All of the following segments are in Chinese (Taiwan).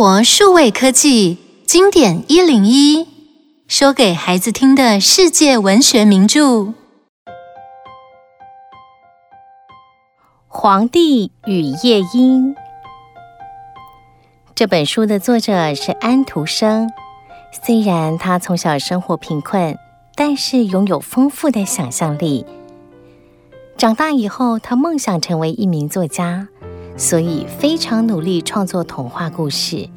聲活數位科技經典一零一，說給孩子聽的世界文學名著《皇帝與夜鶯》這本書的作者是安徒生。雖然他從小生活貧困，但是擁有豐富的想象力。長大以後，他夢想成為一名作家。所以非常努力創作童話故事。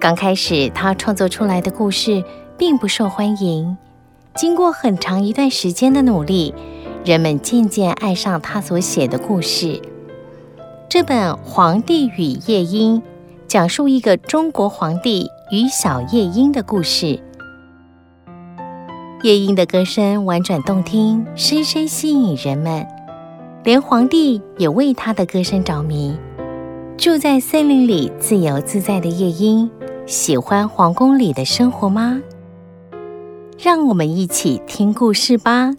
剛開始，他創作出來的故事並不受歡迎。經過很長一段時間的努力，人們漸漸愛上他所寫的故事。這本《皇帝與夜鶯》講述一個中國皇帝與小夜鶯的故事。夜鶯的歌聲婉轉動聽，深深吸引人們。連皇帝也為他的歌聲着迷。住在森林裡自由自在的夜鶯，喜歡皇宮裡的生活嗎？讓我們一起聽故事吧。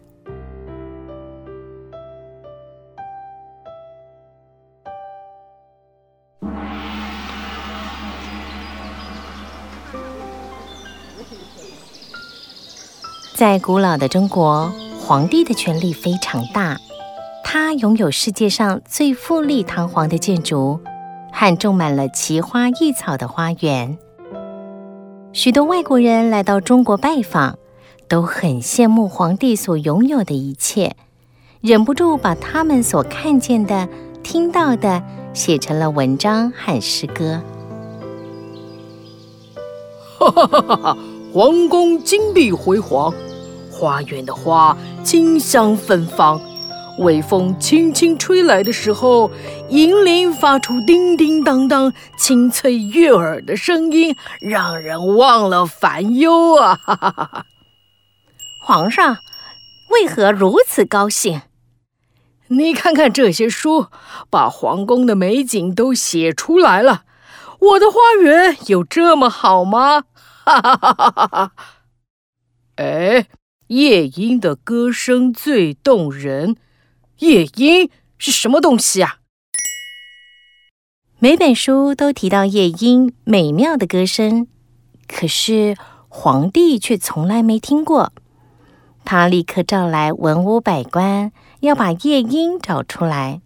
在古老的中國，皇帝的權力非常大。它擁有世界上最富麗堂皇的建築和種滿了奇花異草的花園。許多外國人來到中國拜訪，都很羨慕皇帝所擁有的一切，忍不住把他們所看見的、聽到的寫成了文章和詩歌。哈哈哈哈哈， 皇宮金碧輝煌，花園的花清香芬芳。微風輕輕吹來的時候，銀鈴發出叮叮噹噹、清脆悅耳的聲音，讓人忘了煩憂啊！哈哈哈哈。皇上為何如此高興？你看看這些書，把皇宮的美景都寫出來了。我的花園有這麼好嗎？哈哈哈哈。哎，夜鶯的歌聲最動人。夜鶯是什麼東西啊？每本書都提到夜鶯美妙的歌聲，可是皇帝卻從來沒聽過。他立刻召來文武百官，要把夜鶯找出來。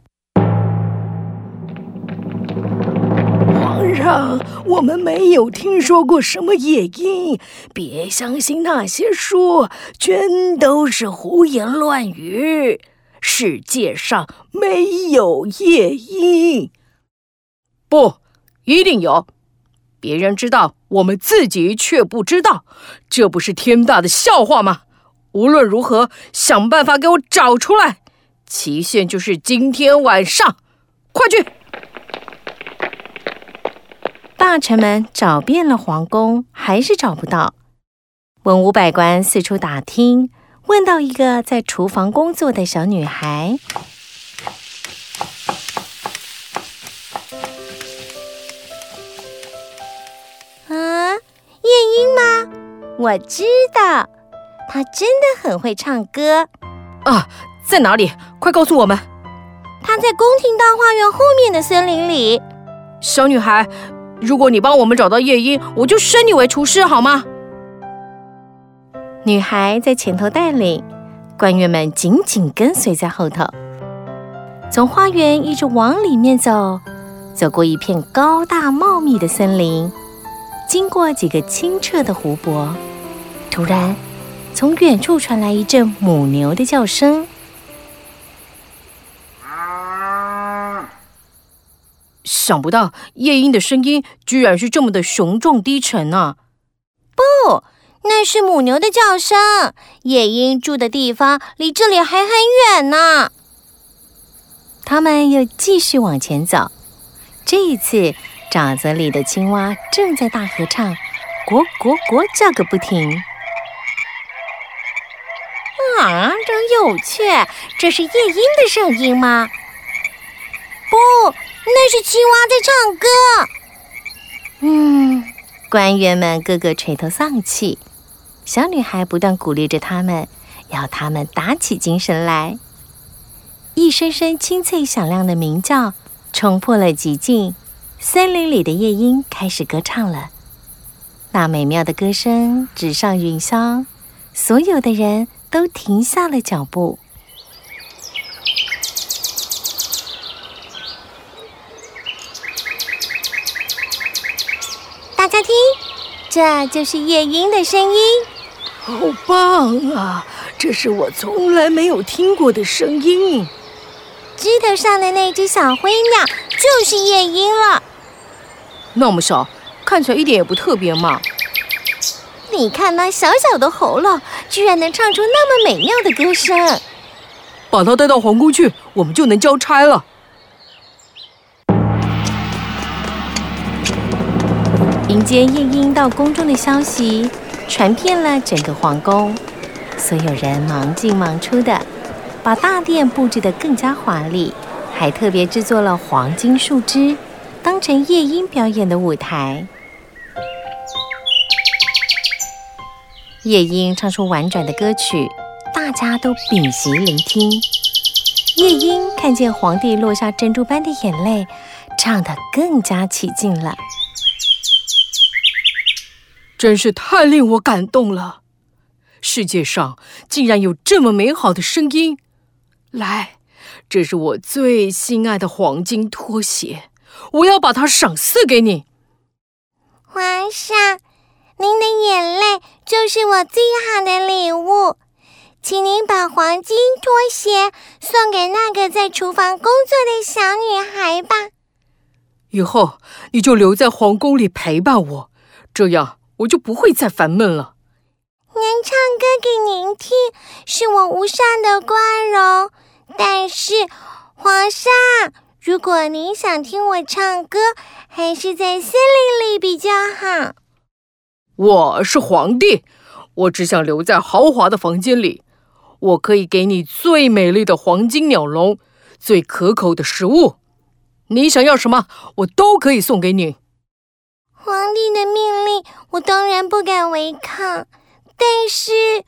皇上，我們沒有聽說過什麼夜鶯，別相信那些書，全都是胡言亂語。世界上沒有夜鶯。不，一定有。別人知道，我們自己卻不知道，這不是天大的笑話嗎？無論如何，想辦法給我找出來。期限就是今天晚上，快去！大臣們找遍了皇宮，還是找不到。文武百官四處打聽。問到一個在廚房工作的小女孩：“啊，夜鶯嗎？我知道，她真的很會唱歌。啊，在哪裡？快告訴我們！她在宮廷大花園後面的森林裡。小女孩，如果你幫我們找到夜鶯，我就升你為廚師，好嗎？”女孩在前頭帶領，官員們緊緊跟隨在後頭。從花園一直往裡面走，走過一片高大茂密的森林，經過幾個清澈的湖泊。突然，從遠處傳來一陣母牛的叫聲。想不到夜鶯的聲音居然是這麼的雄壯低沉啊！不。那是母牛的叫聲。夜鶯住的地方離這裡還很遠呢。他們又繼續往前走。這一次，沼澤裡的青蛙正在大合唱，呱呱呱叫個不停。啊，真有趣！這是夜鶯的聲音嗎？不，那是青蛙在唱歌。嗯，官員們個個垂頭喪氣。小女孩不斷鼓勵着他們，要他們打起精神來。一聲聲清脆響亮的鳴叫，衝破了寂靜，森林裡的夜鶯開始歌唱了。那美妙的歌聲直上雲霄，所有的人都停下了腳步。大家聽，這就是夜鶯的聲音。好棒啊！這是我從來沒有聽過的聲音。枝頭上的那隻小灰鳥就是夜鶯了。那麼小，看起來一點也不特別嘛。你看那小小的喉嚨，居然能唱出那麼美妙的歌聲。把它帶到皇宮去，我們就能交差了。迎接夜鶯到宮中的消息，傳遍了整個皇宮，所有人忙進忙出的，把大殿布置得更加華麗，還特別制作了黃金樹枝，當成夜鶯表演的舞台。夜鶯唱出婉轉的歌曲，大家都屏息聆聽。夜鶯看見皇帝落下珍珠般的眼淚，唱得更加起勁了。真是太令我感動了！世界上竟然有這麼美好的聲音。來，這是我最心愛的黃金拖鞋，我要把它賞賜給你。皇上，您的眼淚就是我最好的禮物，請您把黃金拖鞋送給那個在廚房工作的小女孩吧。以後你就留在皇宮裡陪伴我，這樣。我就不會再煩悶了。能唱歌給您聽是我無上的光榮。但是，皇上，如果您想聽我唱歌，還是在森林裡比較好。我是皇帝，我只想留在豪華的房間裡。我可以給你最美麗的黃金鳥籠，最可口的食物。你想要什麼，我都可以送給你。皇帝的命令，我當然不敢違抗。但是，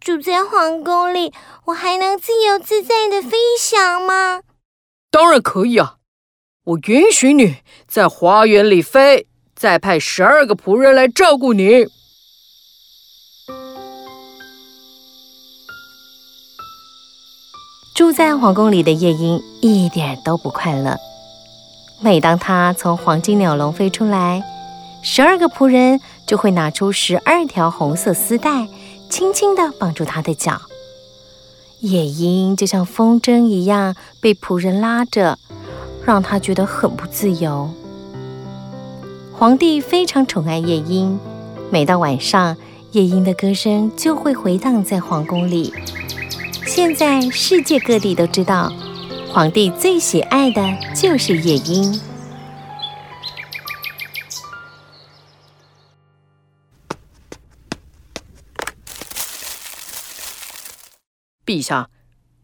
住在皇宮裡，我還能自由自在的飛翔嗎？當然可以啊！我允許你在花園裡飛，再派十二個僕人來照顧你。住在皇宮裡的夜鶯一點都不快樂。每當牠從黃金鳥籠飛出來，十二個僕人就會拿出十二條紅色絲帶，輕輕地綁住他的腳。夜鶯就像風箏一樣被僕人拉着，讓他覺得很不自由。皇帝非常寵愛夜鶯，每到晚上，夜鶯的歌聲就會回盪在皇宮裡。現在世界各地都知道，皇帝最喜愛的就是夜鶯。陛下，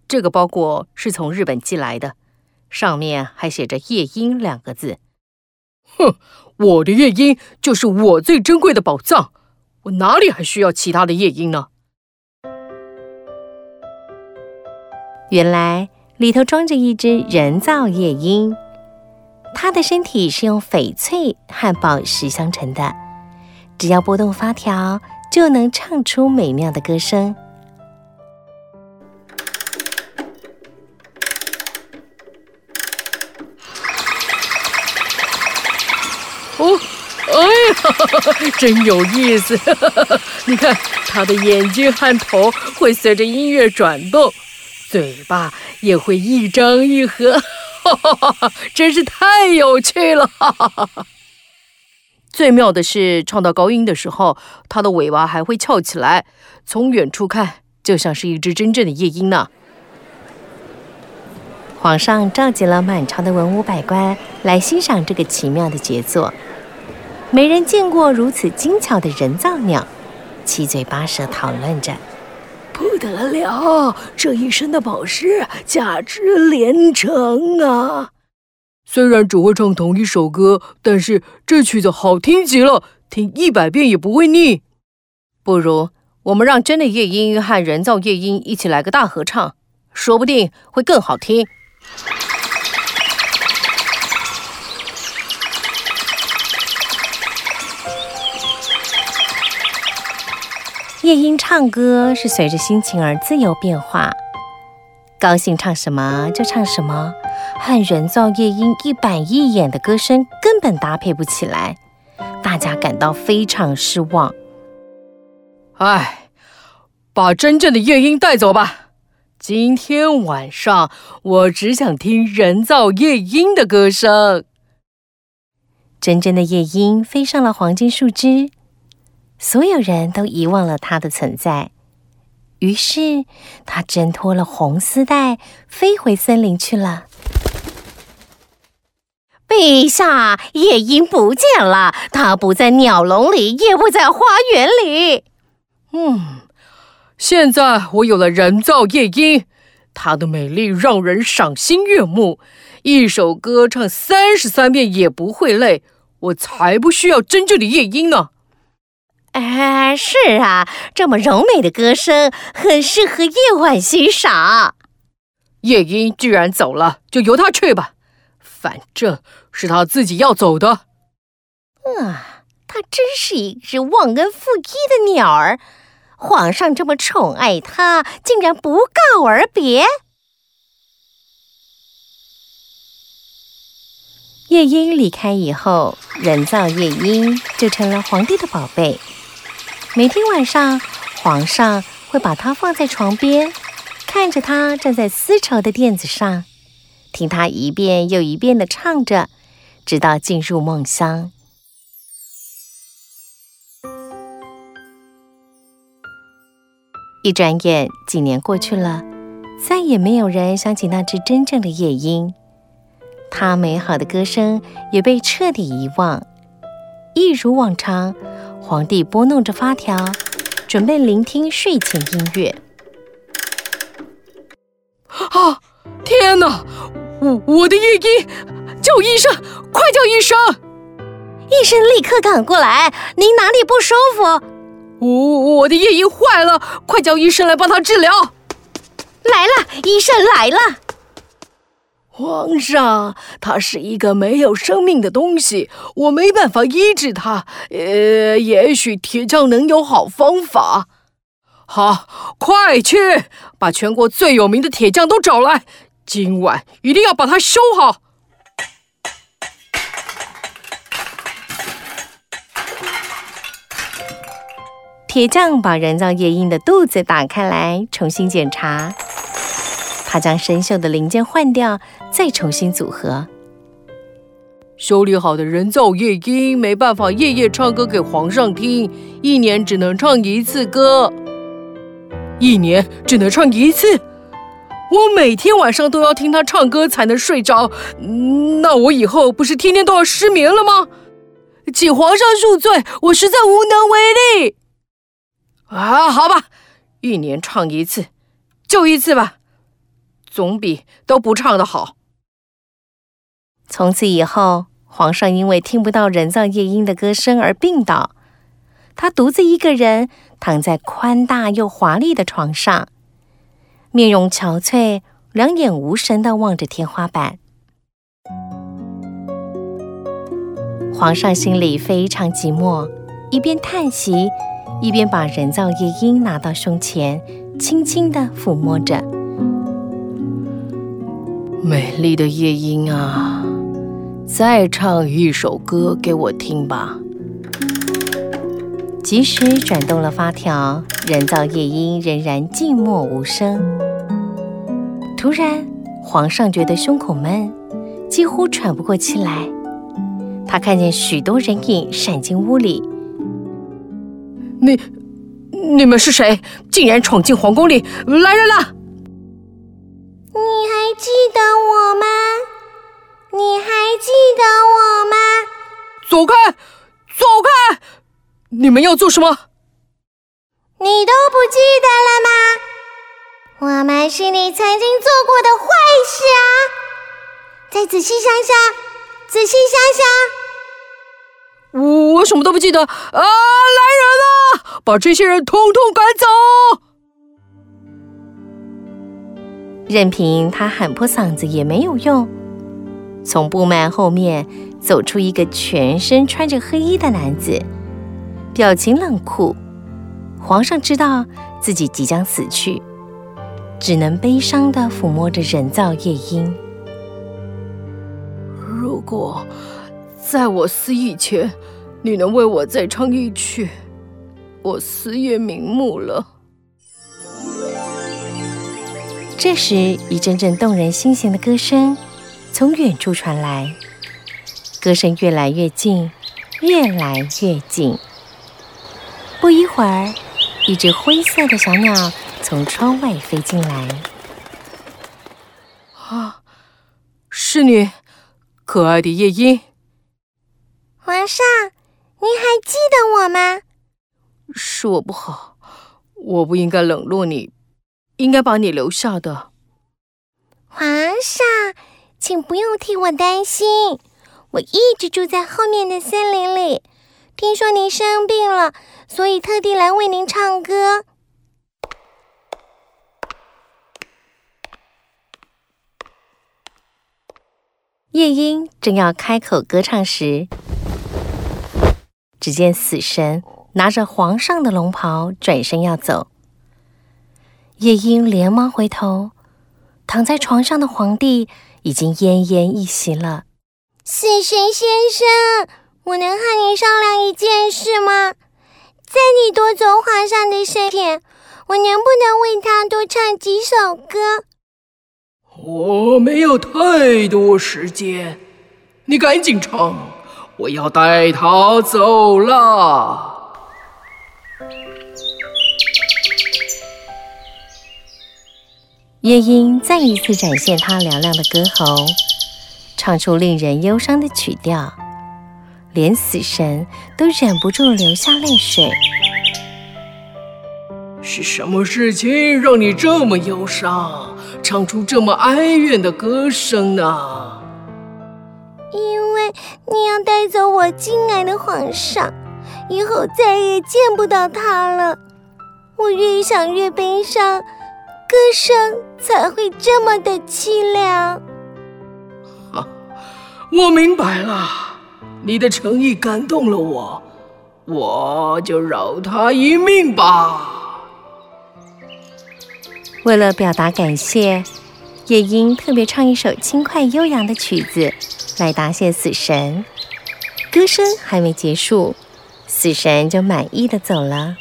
這個包裹是從日本寄來的，上面還寫着“夜鶯”兩個字。哼，我的夜鶯就是我最珍貴的寶藏，我哪裡還需要其他的夜鶯呢？原來裡頭裝着一隻人造夜鶯，它的身體是用翡翠和寶石鑲成的，只要撥動發條，就能唱出美妙的歌聲。真有意思，你看他的眼睛和頭會隨着音樂轉動，嘴巴也會一張一合，真是太有趣了。最妙的是，唱到高音的時候，他的尾巴還會翹起來，從遠處看就像是一隻真正的夜鶯呢啊。皇上召集了滿朝的文武百官來欣賞這個奇妙的傑作。沒人見過如此精巧的人造鳥，七嘴八舌討論着。不得了，這一身的寶石價值連城啊！雖然只會唱同一首歌，但是這曲子好聽極了，聽一百遍也不會膩。不如我們讓真的夜鶯和人造夜鶯一起來個大合唱，說不定會更好聽。夜鶯唱歌是隨着心情而自由變化，高興唱什麼就唱什麼，和人造夜鶯一板一眼的歌聲根本搭配不起來，大家感到非常失望。哎，把真正的夜鶯帶走吧！今天晚上我只想聽人造夜鶯的歌聲。真正的夜鶯飛上了黃金樹枝。所有人都遺忘了它的存在，於是它掙脫了紅絲帶，飛回森林去了。陛下，夜鶯不見了，它不在鳥籠裡，也不在花園裡。嗯，現在我有了人造夜鶯，它的美麗讓人賞心悅目，一首歌唱三十三遍也不會累，我才不需要真正的夜鶯呢。哎、啊，是啊，這麼柔美的歌聲，很適合夜晚欣賞。夜鶯居然走了，就由他去吧，反正是他自己要走的。啊，他真是一隻忘恩負義的鳥兒！皇上這麼寵愛他，竟然不告而別。夜鶯離開以後，人造夜鶯就成了皇帝的寶貝。每天晚上，皇上會把它放在床邊，看着它站在絲綢的墊子上，聽它一遍又一遍地唱着，直到進入夢鄉。一轉眼，幾年過去了，再也沒有人想起那隻真正的夜鶯，它美好的歌聲也被徹底遺忘，一如往常。皇帝撥弄着發條，準備聆聽睡前音樂。啊！天哪！我我的夜鶯，叫醫生，快叫醫生！醫生立刻趕過來，您哪裡不舒服？我我的夜鶯壞了，快叫醫生來幫它治療。來了，醫生來了。皇上，他是一個沒有生命的東西，我沒辦法醫治他。呃，也許鐵匠能有好方法。好，快去把全國最有名的鐵匠都找來，今晚一定要把它修好。鐵匠把人造夜鶯的肚子打開來，重新檢查。他將生鏽的零件換掉。再重新組合。修理好的人造夜鶯沒辦法夜夜唱歌給皇上聽，一年只能唱一次歌，一年只能唱一次。我每天晚上都要聽他唱歌才能睡着，那我以後不是天天都要失眠了嗎？請皇上恕罪，我實在無能為力。啊，好吧，一年唱一次，就一次吧，總比都不唱的好。從此以後，皇上因為聽不到人造夜鶯的歌聲而病倒。他獨自一個人躺在寬大又華麗的床上，面容憔悴，兩眼無神的望着天花板。皇上心裡非常寂寞，一邊嘆息，一邊把人造夜鶯拿到胸前，輕輕的撫摸着。美麗的夜鶯啊！再唱一首歌給我聽吧。即使轉動了發條，人造夜鶯仍然靜默無聲。突然，皇上覺得胸口悶，幾乎喘不過氣來。他看見許多人影閃進屋裡。你、你們是誰？竟然闖進皇宮裡！來人了！你還記得我嗎？你還記得我嗎？走開，走開！你們要做什麼？你都不記得了嗎？我們是你曾經做過的壞事啊！再仔細想想，仔細想想。我我什麼都不記得啊！來人啊，把這些人統統趕走！任憑他喊破嗓子也沒有用。從布幔後面走出一個全身穿着黑衣的男子，表情冷酷。皇上知道自己即將死去，只能悲傷地撫摸着人造夜鶯。如果在我死以前，你能為我再唱一曲，我死也瞑目了。這時，一陣陣動人心弦的歌聲。從遠處傳來歌聲，越來越近，越來越近。不一會兒，一隻灰色的小鳥從窗外飛進來。“啊，是你，可愛的夜鶯！”“皇上，您還記得我嗎？”“是我不好，我不應該冷落你，應該把你留下的。”“皇上。”請不用替我擔心，我一直住在後面的森林裡。聽說您生病了，所以特地來為您唱歌。夜鶯正要開口歌唱時，只見死神拿着皇上的龍袍轉身要走。夜鶯連忙回頭，躺在床上的皇帝已經奄奄一息了。死神先生，我能和你商量一件事嗎？在你奪走皇上的時候，我能不能為他多唱幾首歌？我沒有太多時間，你趕緊唱，我要帶他走了。夜鶯再一次展現他嘹亮的歌喉，唱出令人憂傷的曲調，連死神都忍不住流下淚水。是什麼事情讓你這麼憂傷，唱出這麼哀怨的歌聲呢？因為你要帶走我敬愛的皇上，以後再也見不到他了。我越想越悲傷，歌聲才會這麼的淒涼。啊，我明白了，你的誠意感動了我，我就饒他一命吧。為了表達感謝，夜鶯特別唱一首輕快悠揚的曲子來答謝死神。歌聲還沒結束，死神就滿意的走了。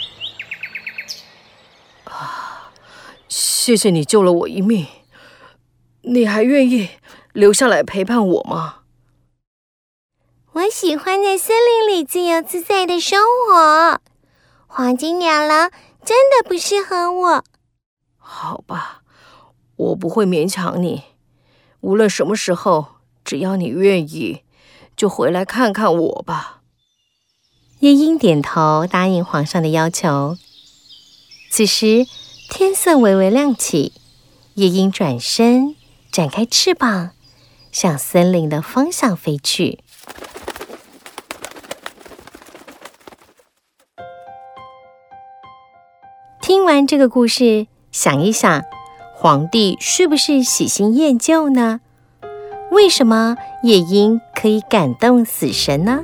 謝謝你救了我一命，你還願意留下來陪伴我嗎？我喜歡在森林裡自由自在的生活，黃金鳥籠真的不適合我。好吧，我不會勉強你。無論什麼時候，只要你願意，就回來看看我吧。夜鶯點頭答應皇上的要求。此時，天色微微亮起，夜鶯轉身，展開翅膀，向森林的方向飛去。聽完這個故事，想一想，皇帝是不是喜新厭舊呢？為什麼夜鶯可以感動死神呢？